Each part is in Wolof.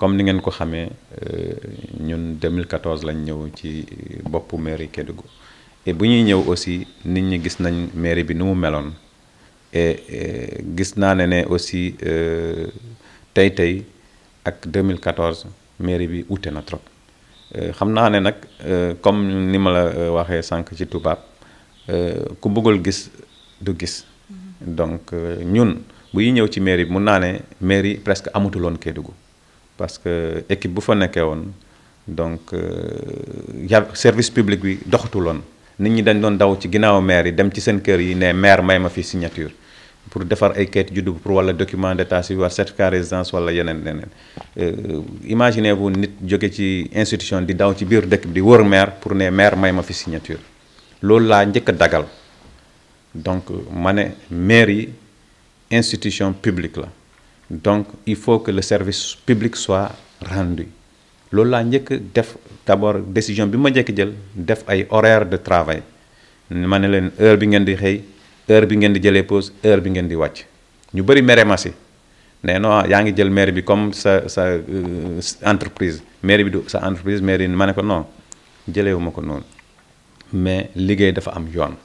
comme ni ngeen ko xamee euh, ñun 2014 lañ ñëw ci boppu mairie Kédougou bu ñuy ñëw aussi nit ñi gis nañ mairie bi nu mu meloon et euh, gis naa ne ne aussi euh, tey tey ak 2014 mairie bi ute na trop xam naa ne nag comme ni ma la waxee sànq ci tubaab ku bëggul gis du gis mm-hmm. donc ñun bu ñuy ñëw ci mairie bi mun naa ne mairie presque amatuloon woon Kédougou parce que équipe bu fa donc euh, service public bi très nit ñi dañ doon daw ci la maire yi dem ci yi maire signature pour defar ay kayit juddu pour wala document d'état civil wala certificat résidence wala euh, imaginez vous nit ci institution di daw ci biir maire pour ne maire signature loolu laa njëkk donc institution publique donc il faut que le service public soit rendu loolu laa njëkk def d'abord décision bi ma njëkk jël def ay horaire de travail mané len heure bi ngén di xey heure bi ngén di jëlee pause heure bi ngén di wacc ñu bari mere ma non ngi jël mairie bi comme sa sa euh, entreprise mairie bi du sa entreprise mairie ma ne ko non jëleewu ma ko noonu mais liggéey dafa am yoon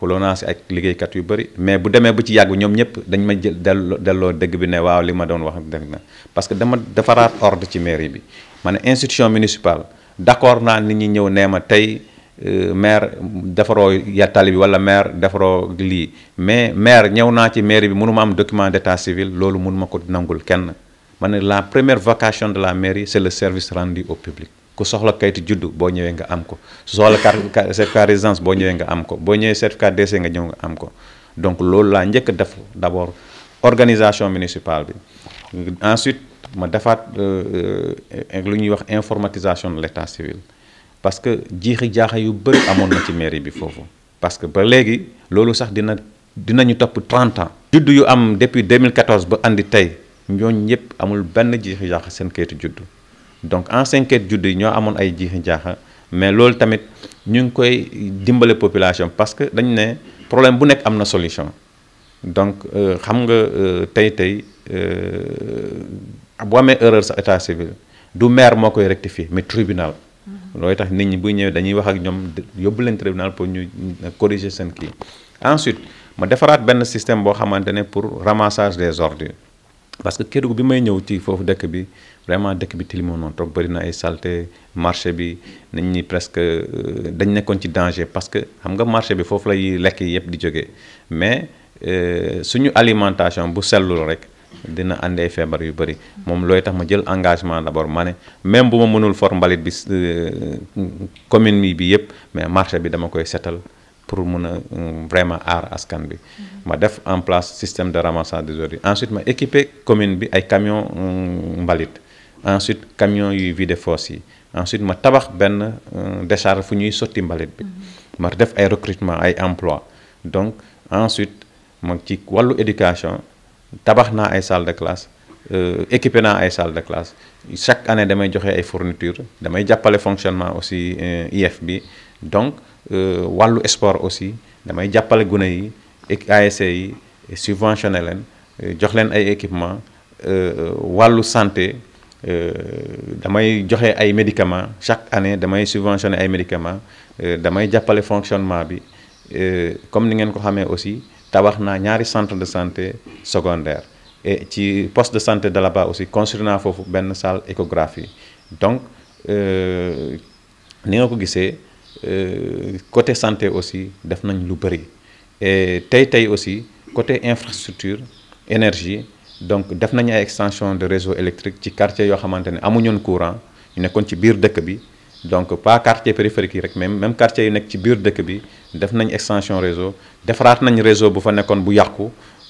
xuloo naa si ak liggéeykat yu bëri mais bu demee ba ci yàgg ñoom ñëpp dañ ma jël delloo dëgg bi ne waaw li ma doon wax def na parce que dama defaraat ordre ci mairie bi ma ne institution municipale d'accord naa nit ñi ñëw nee ma tey euh, maire defaroo yattali bi wala maire defaroo lii mais maire ñëw naa ci mairie bi mënuma am document d'état civil loolu mënuma ko nangul kenn ma ne la première vocation de la mairie c'est le service rendu au public ku soxla kayitu juddu boo ñëwee nga am ko su soxla carte certificat résidence boo ñëwee nga am ko boo ñëwee certificat décès nga ñëw nga am ko donc loolu laa njëkk def d'abord organisation municipale bi ensuite ma defaat euh, euh, lu ñuy wax informatisation de l'état civil parce que jiixi jaaxa yu bëri amoon na ci mairie bi foofu parce que ba léegi loolu sax dina dinañu topp 30 ans juddu yu am depuis 2014 ba andi tey ñooñu ñëpp amul benn jiixi jaaxa seen kayitu juddu donc en 5 ans, yi ñoo ay jix mais lool tamit ñu ngi koy population parce que nous problème bu nek solution donc euh, xam nga euh, tay euh, erreur sa état civil du maire rectifier mais tribunal mm-hmm. tax nit tribunal pour corriger ensuite ma défarat ben système pour pour ramassage des ordures parce que Kédougou bi may ñëw ci foofu dëkk bi vraiment dëkk bi tilimoon noonu toog na ay salte marché bi nañ ñi presque euh, dañ nekkoon ci danger parce que xam nga marché bi foofu lay lekk yi yëpp di jógee mais euh, suñu alimentation bu sellul rek dina ànd ay feebar yu bëri moom looy tax ma jël engagement d'abord ma ne même bu ma mënul for mbalit bi euh, commune mi bi yëpp mais marché bi dama koy setal pour vraiment a euh, vraiment aar askan bi. ma def en place système de ramassage des ordures ensuite ma équipé commune bi ay camion euh, mbalit ensuite camion yuy vide force. ensuite ma tabac ben euh, décharge fu sur sotti mbalit bi. Mm-hmm. ma def ay recrutement ay emploi donc ensuite ma ci wàllu éducation Tabac n'a ay salle de classe. équipé n'a ay salle de classe chaque année damay faire des fournitures damay jàppale fonctionnement aussi IEF bi donc euh, walu sport aussi damay jappalé gune yi ASC yi subventionné len euh, jox len ay équipement euh, walu santé damay joxé ay médicaments chaque année damay subventionné ay médicaments damay jappalé fonctionnement bi comme ni ngeen ko xamé aussi tabax na ñaari centre de santé secondaire et ci poste de santé de là-bas aussi construit naa foofu une salle échographie donc ni nga ko gisee. Euh, côté santé aussi def nañ lu bari. et tay tay aussi côté infrastructure énergie donc def ay extension de réseau électrique ci quartier yo xamantene ne amuñoon courant ñu nekkoon ci biir dëkk bi donc pas quartier périphérique rek même même quartier yu nekk ci biir dëkk bi def nañ extension réseau defaraat nañ réseau bu fa nekkon bu yàqu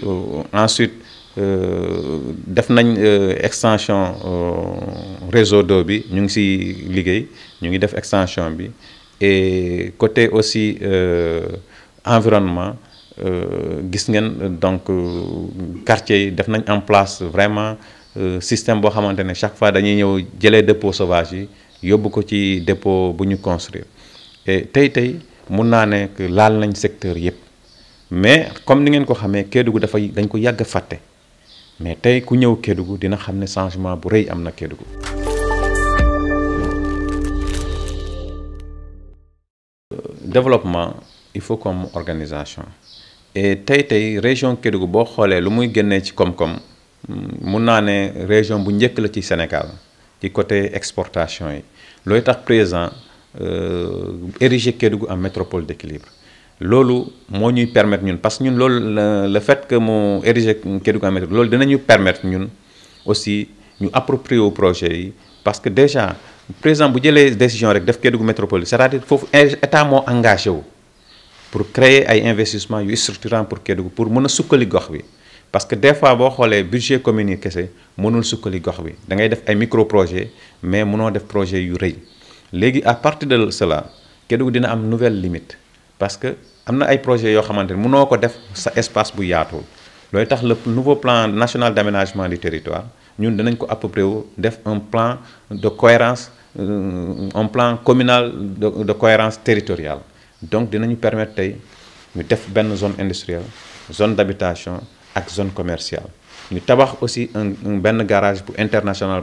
euh, ensuite euh, def nañ extension réseau d'eau bi ñu ngi si liggéey ñu ngi def extension bi et côté aussi euh, environnement euh, gis ngeen donc euh, quartier def nañ en place vraiment euh, système bo xamante chaque fois dañuy ñëw jëlee dépôt sauvage yi yobbu ko ci dépôt bu ñu construire et tay tay mun naa ne laal nañ secteur yépp mais comme ni ngeen ko xamee Kédougou dafa dañ ko yàgg fàtte mais tey ku ñëw Kédougou dina xam ne changement bu rëy am na Kédougou développement il faut comme organisation et la tey région Kédougou est xoolee lu muy génnee ci comme koom mun naa région bu njëkk la ci Sénégal du côté exportation L'état présent, tax euh, président Kédougou en métropole d'équilibre c'est ce ñuy permettre ñun parce que ñun le fait que nous ériger Kédougou en métropole loolu dinañu permettre ñun aussi ñu approprier au projet parce que déjà président bu les décision rek def Kédougou métropole c'est-à-dire fofu état mo engagé pour créer ay investissement yu structurant pour Kédougou pour mëna sukkali bi parce que des fois bo xolé budget commune yi mënul sukkali gox bi da ngay def ay micro projets mais mëno def projet yu reuy légui à partir de cela y dina am nouvelle limite parce que y a des projets yo xamante ne ko def sa espace bu loy le nouveau plan national d'aménagement du territoire ñun dinañ ko approprier def un plan de cohérence un euh, plan communal de, cohérence territoriale donc nous permettre de faire def zone industrielle zone d'habitation une zone commerciale Nous avons aussi un garage pour international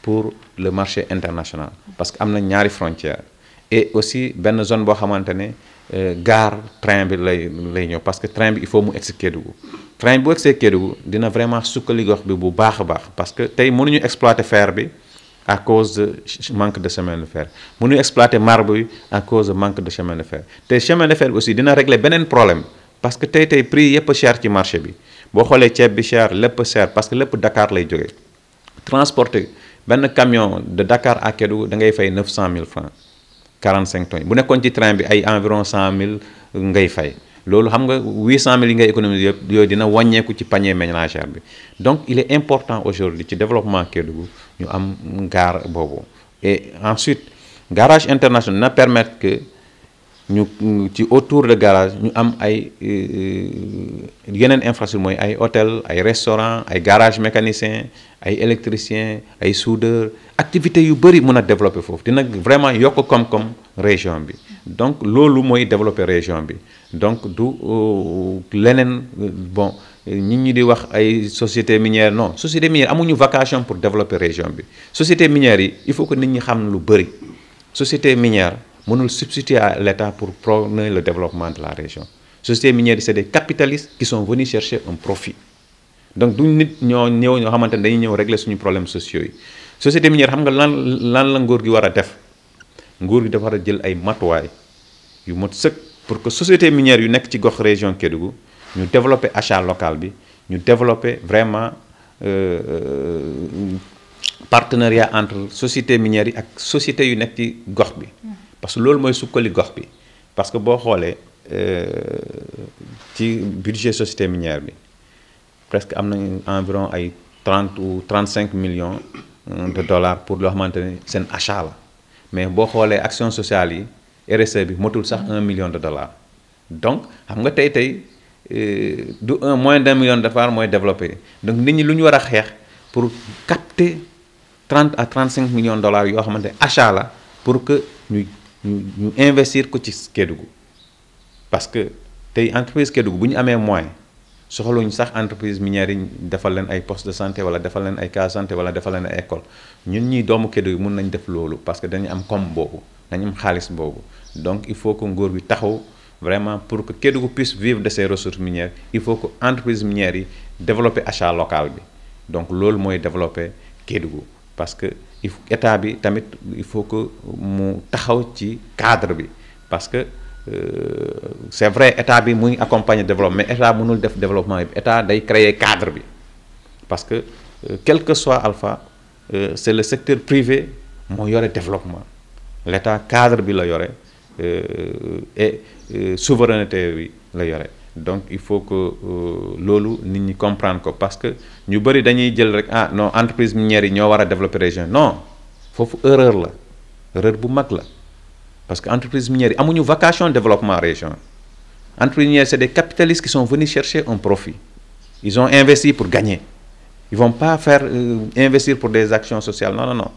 pour le marché international parce que y a des frontières. et aussi une zone pour xamante euh, gare train bi lay lay parce que train il faut exécuter. le train bi vous, il dina vraiment sukkali de bi bu parce que tey mënuñu exploiter fer bi à cause du manque de chemin de fer nous exploiter marbre à cause du manque de chemin de fer Les chemin de fer aussi dina régler un problème parce que prix sont prix chers cher le marché bi boo les prix bi cher plus cher parce que plus Dakar lay jógee transporter un camion de Dakar à Kédougou da ngay 900 000 francs 45 tonnes bu nekkoon ci train bi ay environ 100 000 francs loolu xam nga 800000 yi nga économiser yëpp yooyu dina wàññeeku ci panier ménagère bi donc il est important aujourd'hui ci développement Kédougou ñu am gaar boobu et ensuite garage international na permettre que nous autour de garage il am ay des euh, infrastructures des ay hôtel ay restaurant ay garage mécanicien ay électricien ay soudeur activité yu bari mëna développer fofu dina vraiment yoko comme comme région bi donc lolu moy développer région bi donc du euh, lenen bon ñi ñi di wax ay société minière non société minière amuñu vacation pour développer région bi société minière il faut que nit ñi xam lu bari société minière mënul substituer à l'État pour prôner le développement de la région société minière c'est des capitalistes qui sont venus chercher un profit donc nous, devons ñoo ñoo régler suñu problèmes sociaux Les société minière xam nga lan que la nguur gi faire a def nguur gi dafa pour que société minière yu nekk ci gox région ñu développer achat local nous développons développer vraiment euh, euh, partenariat entre société minière et ak société yu de ci gox bi mmh parce que qui est le gox bi parce que bo xolé euh ci budget société minière bi presque environ 30 ou 35 millions euh, de dollars pour lo xamanteni sen achat si mais bo xolé action sociale yi RSA e bi 1 million de dollars donc xam nga euh, moins d'un million de dollars moy développé donc nous, ñi lu pour capter 30 à 35 millions de dollars pour que ñu nous investir ko ci Kédougou parce que tay entreprise Kédougou buñ moins, moyen soxluñ sax entreprise minière defal len ay poste de santé wala defal len ay cas santé wala defal len ay école ñun ñi doomu Kédougou mun nañ def lolu parce que dañu am koom boobu dañu am xaalis donc il faut que ngor bi taxaw vraiment pour que Kédougou puisse vivre de ses ressources minières il faut que entreprise minière yi développer achat local bi donc loolu moy développer Kédougou parce que il faut il faut que mu taxaw cadre parce que euh, c'est vrai état bi muy accompagner développement mais état mënul def développement état cadre parce que euh, quel que soit alpha euh, c'est le secteur privé mo yoré développement l'état cadre bi la et souveraineté bi la donc il faut que euh, Lolo comprenne. comprendre parce que nous, bari dañuy jël rek ah non entreprise minière yi ñoo war développer région non il erreur la erreur bu mag la parce que entreprise minière yi amuñu de développement région entreprise minière c'est des capitalistes qui sont venus chercher un profit ils ont investi pour gagner ils vont pas faire euh, investir pour des actions sociales non non non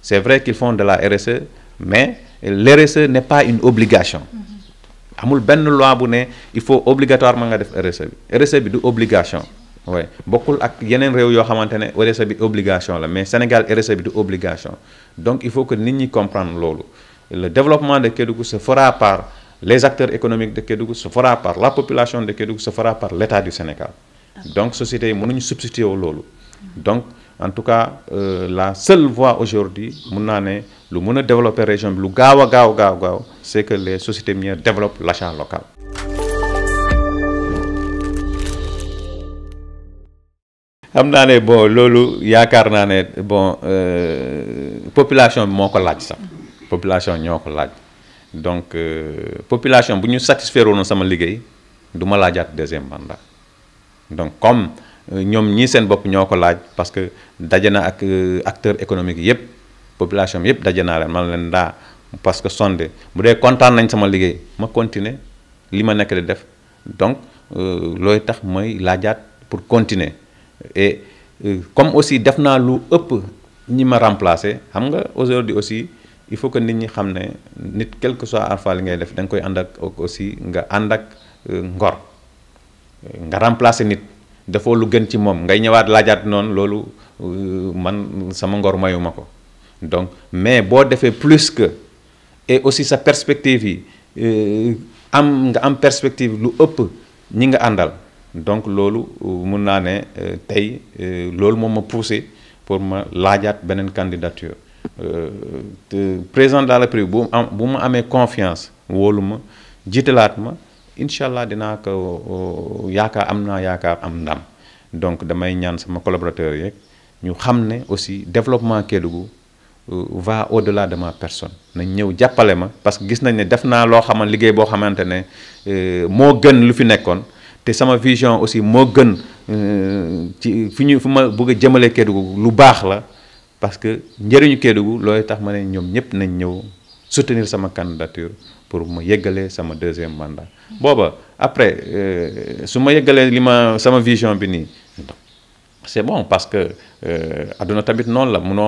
c'est vrai qu'ils font de la RSE mais RSE n'est pas une obligation. Mm-hmm amul ben loi bu ne il faut obligatoirement nga def RSE bi RSE bi du obligation oui bokul ak yenen rew yo xamantene ne RSE bi obligation la mais Sénégal RSE bi du obligation donc il faut que nit ñi comprendre lolu le développement de Kédougou se fera par les acteurs économiques de Kédougou se fera par la population de Kédougou se fera par l'État du Sénégal ah. donc société yi mënuñu substituer wu loolu donc en tout cas euh, la seule voie aujourd'hui mun naa lu développer région lu gawa, gawa gawa c'est que les sociétés minières développent l'achat local amnaane bon lolu yaakaar naa ne bon euh, population moko moo ko laaj population ñoko ko laaj donc euh, population buñu ñu satisfaire woon sama liguey duma ma deuxième mandat donc comme ñom ñi seen bop ñoko laaj parce que dajena ak euh, acteur économique yépp population yépp dajena daje man leen da parce que sonde bu dee kontaan nañ sama liggéey ma continuer li ma nekk def donc euh, loy tax moy laajaat pour continuer et euh, comme aussi def na lu ëpp ñi ma remplacer xam nga aujourd'hui aussi il faut que nit ñi xamné nit quel que soit alpha li ngay def dang koy andak aussi nga andak ngor nga remplacer nit defoo lu gën ci moom ngay ñëwaat laajaat noonu loolu euh, man sama ngor mayu ma ko donc mais boo defee plus que et aussi sa perspective yi euh, am nga am perspective lu ëpp ñi nga àndal donc loolu euh, mun naa ne tey loolu moom ma poussé pour ma laajaat beneen candidature président daal la République bu am bu ma amee confiance wóolu ma jiitalaat ma incha allah dinaa ko uh, yaakaar am naa yaakaar am ndam donc damay ñaan sama collaborateur yeeg ñu xam ne aussi développement Kédougou uh, va au de de ma personne nañ ñëw jàppale ma parce que gis nañ ne def naa loo xamante liggéey boo xamante ne uh, moo gën lu fi nekkoon te sama vision aussi moo gën ci fi ñu fu ma bëgg a jëmale Kédougou lu baax la parce que njëriñu gu looy tax ma ne ñoom ñëpp nañ ñëw soutenir sama candidature pour ma yegale sama deuxième mandat boba après euh, suma yegale lima sama vision bi ni c'est bon parce que euh, aduna tamit non la mëno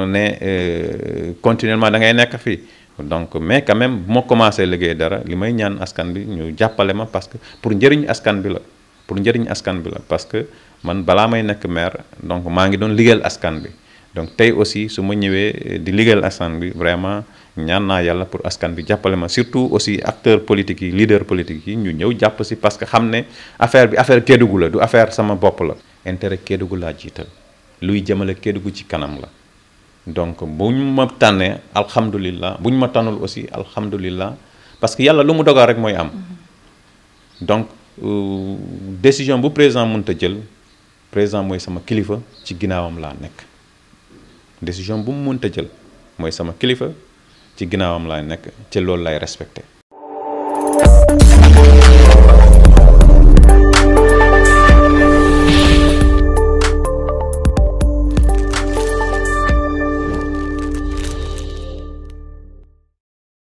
euh, né euh, continuellement da ngay nek fi donc mais quand même mo commencé liggéey dara limay ñaan askan bi ñu jappalé ma parce que pour njëriñ askan bi la pour njëriñ askan bi la parce que man bala may nek maire donc ma ngi don ligël askan bi donc tay aussi suma ñëwé eh, di liggéeyal askan bi vraiment ñaan na yalla pour askan bi jappalé ma surtout aussi acteur politique yi leader politique yi ñu ñëw japp si parce que xamné affaire bi affaire kédugu la du affaire sama bop la intérêt kédugu la jital luy jëmele kédugu ci kanam la donc buñ ma alhamdulillah buñ ma tanul aussi alhamdulillah parce que yalla lu mu dogal rek moy am donc euh, décision bu président ta jël président moy sama kilifa ci ginaawam la nek décision bu mu mënta jël mooy sama kilifa ci ginnaawam laay nekk ci loolu lay respecté